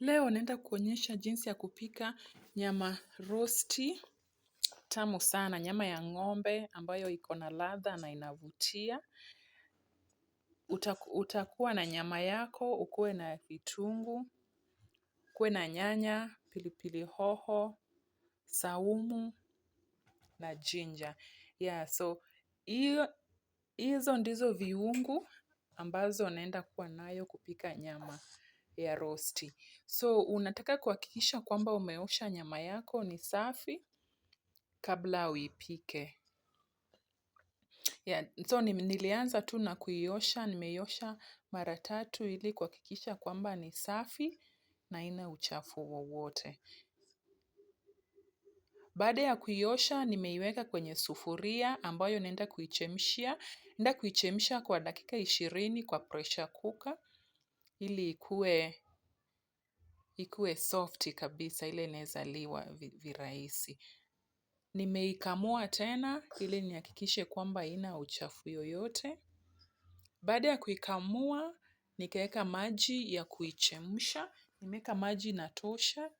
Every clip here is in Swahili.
Leo naenda kuonyesha jinsi ya kupika nyama rosti tamu sana. Nyama ya ng'ombe ambayo iko na ladha na inavutia. Utakuwa na nyama yako, ukuwe na vitungu ukuwe na nyanya, pilipili hoho, saumu na jinja Yeah, so hizo ndizo viungu ambazo naenda kuwa nayo kupika nyama ya rosti. So unataka kuhakikisha kwamba umeosha nyama yako ni safi kabla uipike. Yeah, so nilianza tu na kuiosha, nimeiosha mara tatu ili kuhakikisha kwamba ni safi na haina uchafu wowote. Baada ya kuiosha, nimeiweka kwenye sufuria ambayo naenda kuichemshia. Naenda kuichemsha kwa dakika ishirini kwa pressure cooker ili ikue soft kabisa ile inaweza liwa virahisi. Nimeikamua tena ili nihakikishe kwamba haina uchafu yoyote. Baada ya kuikamua, nikaweka maji ya kuichemsha. Nimeweka maji inatosha.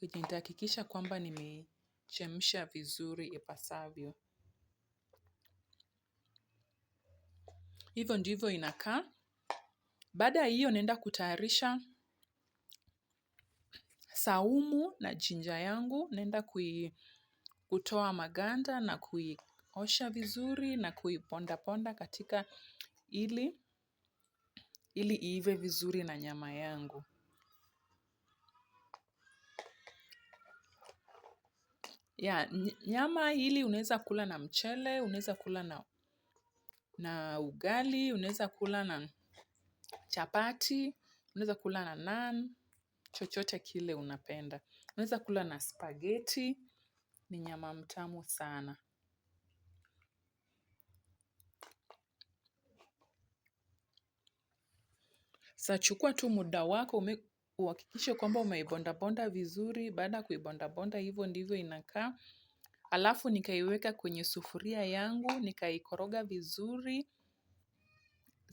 Nitahakikisha kwamba nimeichemsha vizuri ipasavyo. Hivyo ndivyo inakaa. Baada ya hiyo naenda kutayarisha saumu na jinja yangu, naenda kutoa maganda na kuiosha vizuri na kuiponda ponda katika ili ili iive vizuri na nyama yangu. Ya nyama hili unaweza kula na mchele, unaweza kula na ugali, unaweza kula na chapati, unaweza kula na naan, chochote kile unapenda. Unaweza kula na spageti ni nyama mtamu sana. Sa chukua tu muda wako uhakikishe kwamba umeibondabonda vizuri, baada ya kuibondabonda hivyo ndivyo inakaa. Alafu nikaiweka kwenye sufuria yangu, nikaikoroga vizuri.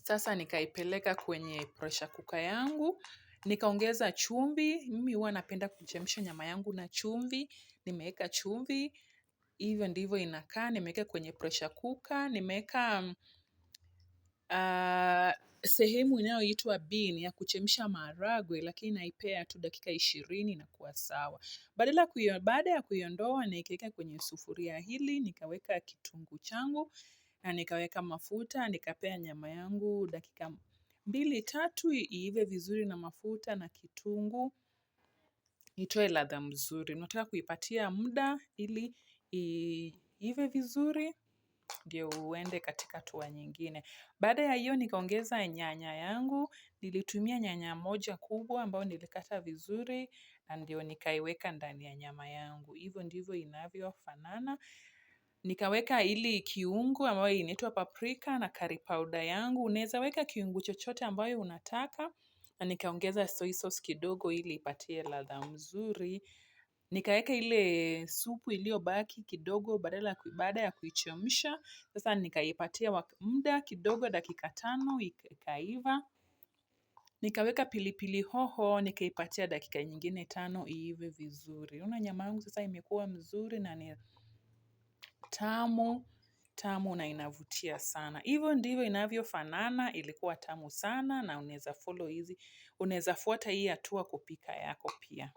Sasa nikaipeleka kwenye pressure cooker yangu, nikaongeza chumvi. Mimi huwa napenda kuchemsha nyama yangu na chumvi, nimeweka chumvi. Hivyo ndivyo inakaa, nimeweka kwenye pressure cooker, uh, sehemu inayoitwa bin ya kuchemsha maharagwe lakini naipea tu dakika ishirini inakuwa sawa. Baada ya kuiondoa nikaweka kwenye sufuria hili, nikaweka kitunguu changu, na nikaweka mafuta, nikapea nyama yangu dakika mbili tatu iive vizuri na mafuta na kitungu itoe ladha mzuri. Unataka kuipatia muda ili iive vizuri ndio uende katika hatua nyingine. Baada ya hiyo nikaongeza nyanya yangu, nilitumia nyanya moja kubwa ambayo nilikata vizuri na ndio nikaiweka ndani ya nyama yangu. Hivyo ndivyo inavyofanana Nikaweka ili kiungo ambayo inaitwa paprika na curry powder yangu. Unaweza weka kiungo chochote ambayo unataka na nikaongeza soy sauce kidogo ili ipatie ladha mzuri. Nikaweka ile supu iliyobaki kidogo badala baada ya kuichemsha. Sasa nikaipatia muda kidogo dakika tano ikaiva. Nikaweka pilipili hoho, nikaipatia dakika nyingine tano iive vizuri. Unaona nyama yangu sasa imekuwa mzuri na ni tamu, tamu na inavutia sana. Hivyo ndivyo inavyofanana, ilikuwa tamu sana na unaweza follow hizi, unaweza fuata hii hatua kupika yako pia.